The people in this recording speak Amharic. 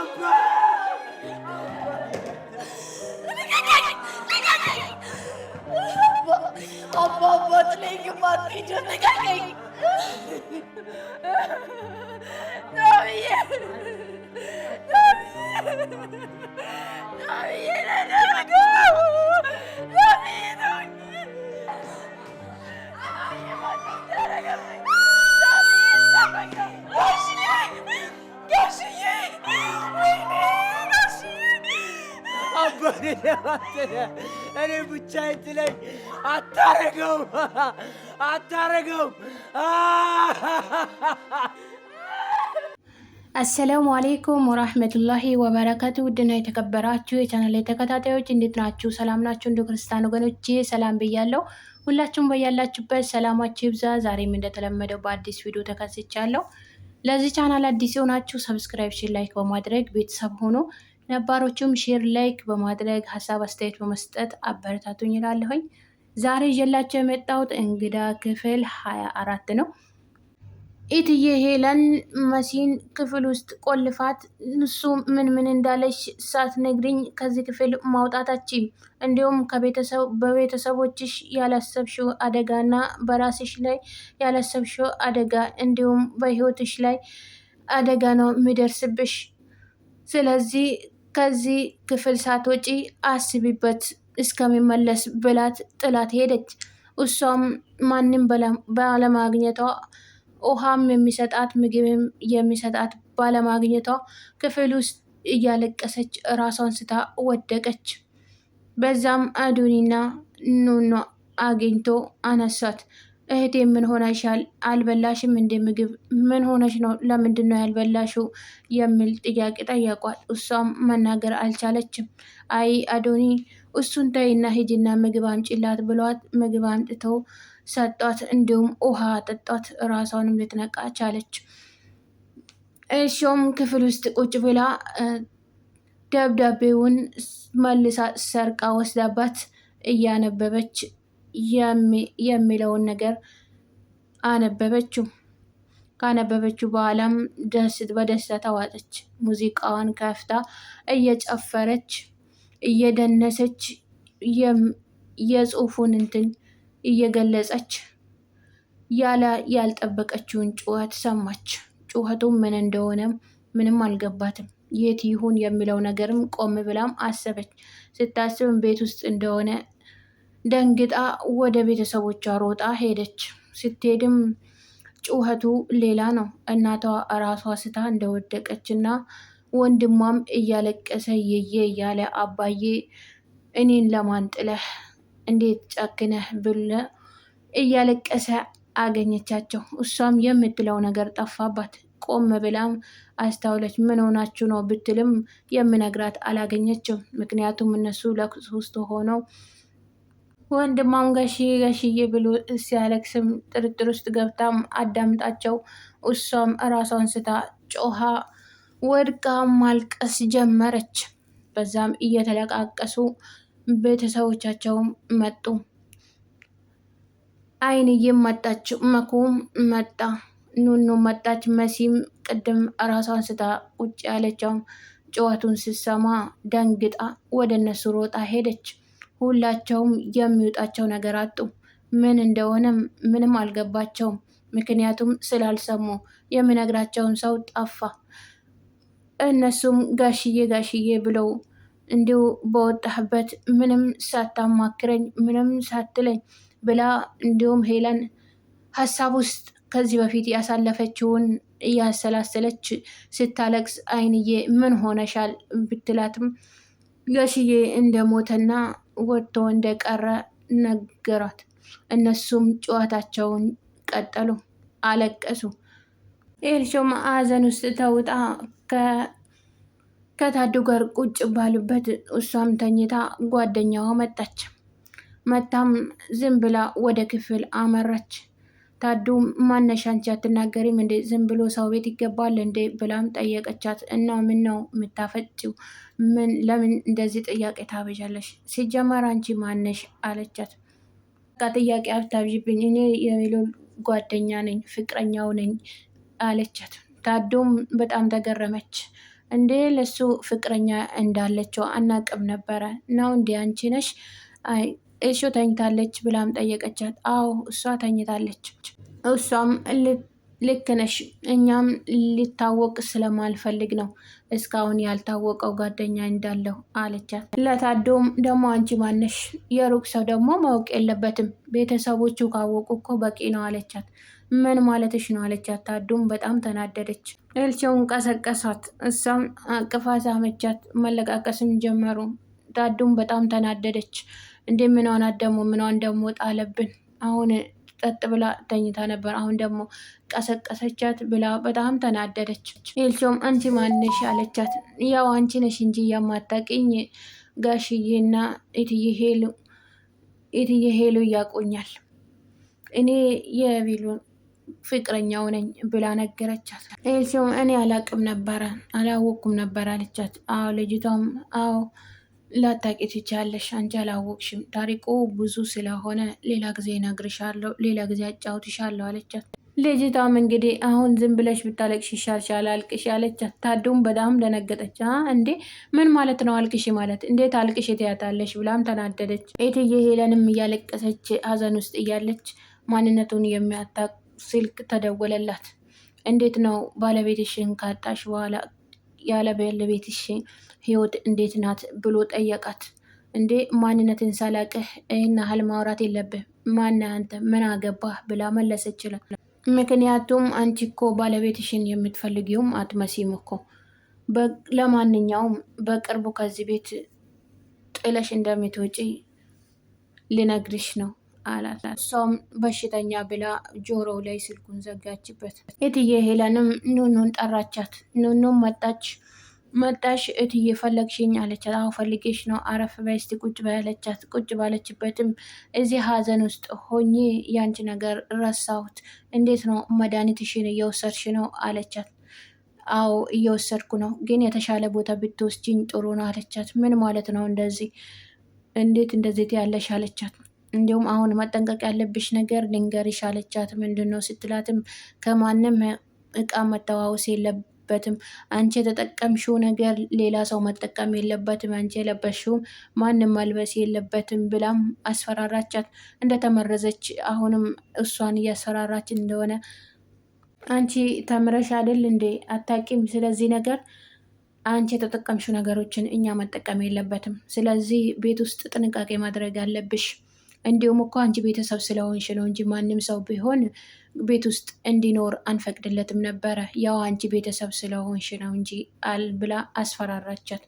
അമ്മ അപ്പത്തിലേക്ക് പത്തിച്ചൊന്ന് കഴിക്കും No, yeah. No, yeah. እኔ ብቻዬን ጥለኝ አታረገውም፣ አታረገውም። አሰላሙ አሌይኩም ወራህመቱላሂ ወበረከቱ። ውድና የተከበራችሁ የቻናል ተከታታዮች እንዴት ናችሁ? ሰላም ናችሁ? እንደ ክርስቲያን ወገኖቼ ሰላም ብያለሁ። ሁላችሁም በያላችሁበት ሰላማችሁ ይብዛ። ዛሬም እንደተለመደው በአዲስ ቪዲዮ ተከስቻለሁ። ለዚህ ቻናል አዲስ የሆናችሁ ሰብስክራይብ፣ ላይክ በማድረግ ቤተሰብ ሆኖ ነባሮቹም ሼር፣ ላይክ በማድረግ ሀሳብ አስተያየት በመስጠት አበረታቱኝ ይላለሁኝ። ዛሬ ይዤላቸው የመጣሁት እንግዳ ክፍል ሀያ አራት ነው። ኢትዬ ሄለን መሲን ክፍል ውስጥ ቆልፋት እሱ ምን ምን እንዳለች ሳትነግሪኝ ከዚህ ክፍል ማውጣታችን እንዲሁም በቤተሰቦችሽ ያላሰብሽው አደጋና በራስሽ ላይ ያላሰብሽው አደጋ እንዲሁም በህይወትሽ ላይ አደጋ ነው የሚደርስብሽ። ስለዚህ ከዚህ ክፍል ሳትወጪ አስቢበት እስከሚመለስ ብላት ጥላት ሄደች። እሷም ማንም ባለማግኘቷ ውሃም የሚሰጣት ምግብም የሚሰጣት ባለማግኘቷ ክፍል ውስጥ እያለቀሰች ራሷን ስታ ወደቀች። በዛም አዱኒና ኑኖ አግኝቶ አነሷት። እህቴ ምን ሆነሻል? አልበላሽም እንደ ምግብ ምን ሆነሽ ነው? ለምንድን ነው ያልበላሽው? የሚል ጥያቄ ጠየቋል። እሷም መናገር አልቻለችም። አይ አዶኒ እሱን ተይና ሂጂና ምግብ አምጪላት ብሏት ምግብ አምጥተው ሰጧት። እንዲሁም ውሃ ጠጧት። ራሷንም ልትነቃ ቻለች። እሺም ክፍል ውስጥ ቁጭ ብላ ደብዳቤውን መልሳ ሰርቃ ወስዳባት እያነበበች የሚለውን ነገር አነበበችው። ካነበበችው በኋላም ደስት በደስታ ተዋጠች። ሙዚቃዋን ከፍታ እየጨፈረች እየደነሰች የጽሁፉን እንትን እየገለጸች ያለ ያልጠበቀችውን ጩኸት ሰማች። ጩኸቱ ምን እንደሆነ ምንም አልገባትም። የት ይሁን የሚለው ነገርም ቆም ብላም አሰበች። ስታስብም ቤት ውስጥ እንደሆነ ደንግጣ ወደ ቤተሰቦቿ ሮጣ ሄደች። ስትሄድም ጩኸቱ ሌላ ነው። እናቷ ራሷ ስታ እንደወደቀች እና ወንድሟም እያለቀሰ የየ እያለ አባዬ እኔን ለማን ጥለህ እንዴት ጨክነህ ብለ እያለቀሰ አገኘቻቸው። እሷም የምትለው ነገር ጠፋባት። ቆም ብላም አስተውለች። ምን ሆናችሁ ነው ብትልም የምነግራት አላገኘችም። ምክንያቱም እነሱ ለሶስት ሆነው ወንድሟም ጋሺ ጋሽዬ ብሎ ሲያለቅስም ጥርጥር ውስጥ ገብታም አዳምጣቸው እሷም እራሷን ስታ ጮሃ ወድቃ ማልቀስ ጀመረች። በዛም እየተለቃቀሱ ቤተሰቦቻቸው መጡ። አይንዬም መጣች፣ መኩም መጣ፣ ኑኑ መጣች። መሲም ቅድም እራሷን ስታ ቁጭ ያለችውም ጨዋቱን ስትሰማ ደንግጣ ወደ እነሱ ሮጣ ሄደች። ሁላቸውም የሚወጣቸው ነገር አጡ። ምን እንደሆነም ምንም አልገባቸውም። ምክንያቱም ስላልሰሙ የሚነግራቸውን ሰው ጠፋ። እነሱም ጋሽዬ ጋሽዬ ብለው እንዲሁ በወጣህበት ምንም ሳታማክረኝ ምንም ሳትለኝ ብላ እንዲሁም ሄለን ሀሳብ ውስጥ ከዚህ በፊት ያሳለፈችውን እያሰላሰለች ስታለቅስ አይንዬ ምን ሆነሻል ብትላትም ጋሽዬ እንደሞተና ወጥቶ እንደቀረ ነገሯት። እነሱም ጨዋታቸውን ቀጠሉ፣ አለቀሱ። ኤልሾም ሐዘን ውስጥ ተውጣ ከታዱ ጋር ቁጭ ባሉበት እሷም ተኝታ ጓደኛዋ መጣች። መታም ዝም ብላ ወደ ክፍል አመራች። ታዱ ማነሽ አንቺ አትናገሪም እንዴ? ዝም ብሎ ሰው ቤት ይገባል እንዴ? ብላም ጠየቀቻት። እና ምን ነው የምታፈጭው? ምን ለምን እንደዚህ ጥያቄ ታበዣለሽ? ሲጀመር አንቺ ማነሽ አለቻት። በቃ ጥያቄ አታብዥብኝ፣ እኔ የሚሉል ጓደኛ ነኝ፣ ፍቅረኛው ነኝ አለቻት። ታዱም በጣም ተገረመች። እንዴ ለሱ ፍቅረኛ እንዳለችው አናቅም ነበረ ነው እንዴ አንቺ ነሽ? አይ እሹ ተኝታለች ብላም ጠየቀቻት። አዎ እሷ ተኝታለች። እሷም ልክ ነሽ፣ እኛም ሊታወቅ ስለማልፈልግ ነው እስካሁን ያልታወቀው ጓደኛ እንዳለው አለቻት። ለታዶም ደግሞ አንቺ ማነሽ? የሩቅ ሰው ደግሞ ማወቅ የለበትም ቤተሰቦቹ ካወቁ እኮ በቂ ነው አለቻት። ምን ማለትሽ ነው አለቻት። ታዶም በጣም ተናደደች። እልቸውን ቀሰቀሳት። እሷም አቅፋ ሳመቻት። መለቃቀስም ጀመሩ። ዳዱም በጣም ተናደደች። እንዴ ምኗን ደግሞ ምኗን ደግሞ ጣለብን አሁን ጠጥ ብላ ተኝታ ነበር። አሁን ደግሞ ቀሰቀሰቻት ብላ በጣም ተናደደች። ኤልሾም አንቺ ማንሽ አለቻት። ያው አንቺ ነሽ እንጂ የማታውቂኝ ጋሽዬና የትዬ ሄሉ እያቆኛል እኔ የቤሉን ፍቅረኛው ነኝ ብላ ነገረቻት። ኤልሾም እኔ አላቅም ነበረ አላወቅኩም ነበር አለቻት። አዎ ልጅቷም አዎ ላታቂ ትችያለሽ። አንቺ አላወቅሽም። ታሪቁ ብዙ ስለሆነ ሌላ ጊዜ እነግርሻለሁ፣ ሌላ ጊዜ አጫውትሻለሁ አለቻት። ልጅቷም እንግዲህ አሁን ዝም ብለሽ ብታለቅሽ ይሻልሻል፣ አልቅሽ አለቻት። ታዱም በጣም ደነገጠች። እንዴ ምን ማለት ነው አልቅሽ ማለት? እንዴት አልቅሽ ትያታለሽ? ብላም ተናደደች። እትዬ ሄለንም እያለቀሰች ሀዘን ውስጥ እያለች ማንነቱን የሚያታቅ ስልክ ተደወለላት። እንዴት ነው ባለቤትሽን ካጣሽ በኋላ ያለ ባለቤትሽ ህይወት እንዴት ናት ብሎ ጠየቃት። እንዴ ማንነትን ሳላቅህ ይህን ያህል ማውራት የለብህ ማነህ አንተ ምን አገባህ ብላ መለሰች። ምክንያቱም አንቺ እኮ ባለቤትሽን የምትፈልጊውም አትመሲም እኮ። ለማንኛውም በቅርቡ ከዚህ ቤት ጥለሽ እንደምትወጪ ልነግርሽ ነው አላት። እሷም በሽተኛ ብላ ጆሮው ላይ ስልኩን ዘጋችበት። የትዬ ሄለንም ኑኑን ጠራቻት። ኑኑም መጣች። መጣሽ እትዬ ፈለግሽኝ? አለቻት። አዎ ፈልጌሽ ነው። አረፍ በይ እስቲ ቁጭ በይ ቁጭ ባለችበትም እዚህ ሀዘን ውስጥ ሆኜ ያንቺ ነገር ረሳሁት። እንዴት ነው መድኃኒትሽን እየወሰድሽ ነው? አለቻት። አዎ እየወሰድኩ ነው፣ ግን የተሻለ ቦታ ብትወስጂኝ ጥሩ ነው አለቻት። ምን ማለት ነው እንደዚህ? እንዴት እንደዚህ ያለሽ? አለቻት። እንዲሁም አሁን መጠንቀቅ ያለብሽ ነገር ልንገርሽ አለቻት። ምንድን ነው ስትላትም ከማንም እቃ መተዋወስ የለብ የለበትም። አንቺ የተጠቀምሽው ነገር ሌላ ሰው መጠቀም የለበትም። አንቺ የለበስሽውም ማንም መልበስ የለበትም ብላም አስፈራራቻት። እንደተመረዘች አሁንም እሷን እያስፈራራች እንደሆነ አንቺ ተምረሽ አይደል እንዴ አታቂም? ስለዚህ ነገር አንቺ የተጠቀምሽው ነገሮችን እኛ መጠቀም የለበትም። ስለዚህ ቤት ውስጥ ጥንቃቄ ማድረግ አለብሽ። እንዲሁም እኮ አንቺ ቤተሰብ ስለሆንሽ ነው እንጂ ማንም ሰው ቢሆን ቤት ውስጥ እንዲኖር አንፈቅድለትም ነበረ፣ ያው አንቺ ቤተሰብ ስለሆንሽ ነው እንጂ አል ብላ አስፈራራቻት።